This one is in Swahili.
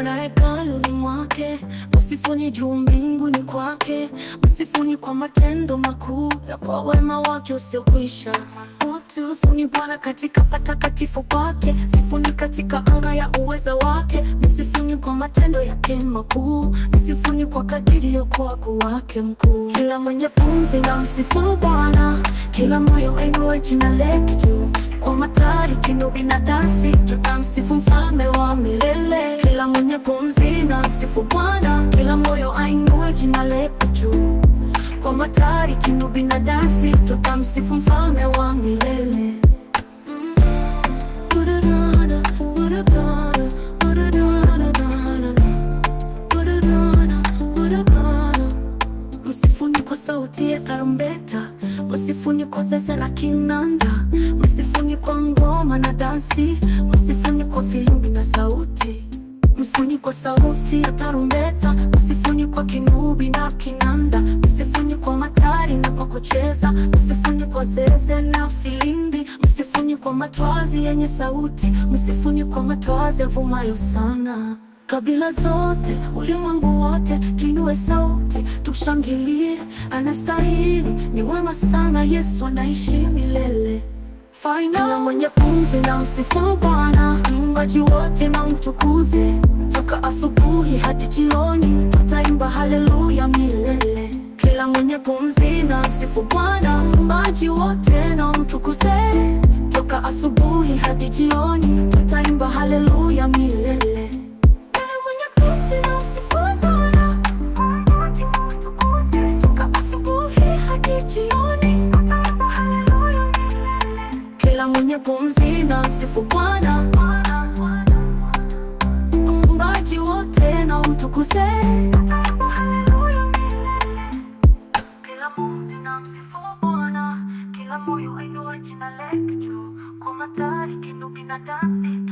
Bwana ni mwake, msifuni juu mbinguni kwake, msifuni kwa matendo makuu na kwa wema wake usiokwisha. Msifuni Bwana katika patakatifu pake, msifuni katika anga ya uweza wake, msifuni kwa matendo yake makuu, msifuni kwa kadiri ya ukuu wake mkuu. Kila mwenye pumzi na msifu Bwana, kila moyo ainue jina lake juu, kwa matari, kinubi na dansi, tutamsifu mfalme wa milele mwenye pumzi na msifu Bwana, kila moyo ainue jina lake juu. Kwa matari, kinubi na dansi, tutamsifu mfalme wa milele. Msifuni kwa sauti ya tarumbeta, msifuni kwa zeze la kinanda, msifuni kwa ngoma na dansi, msifuni kwa filimbi na sauti kwa sauti ya tarumbeta, msifuni kwa kinubi na kinanda, msifuni kwa matari na kwa kucheza, msifuni kwa zeze na filimbi, msifuni kwa matwazi yenye sauti, msifuni kwa matwazi yavumayo sana. Kabila zote, ulimwengu wote, tuinue sauti, tushangilie, anastahili, ni wema sana, Yesu anaishi milele. Kila mwenye pumzi na msifu Bwana. Waimbaji wote na umtukuze, toka asubuhi hadi jioni, tutaimba haleluya milele. Kila mwenye pumzi na msifu Bwana. Waimbaji wote na mtukuze, toka asubuhi hadi jioni, tutaimba haleluya milele. Kila mwenye pumzi na msifu Bwana. umtukuze kila pumzi na msifu Bwana, kila moyo ainua jina lake juu kwa matari, kinubi na dansi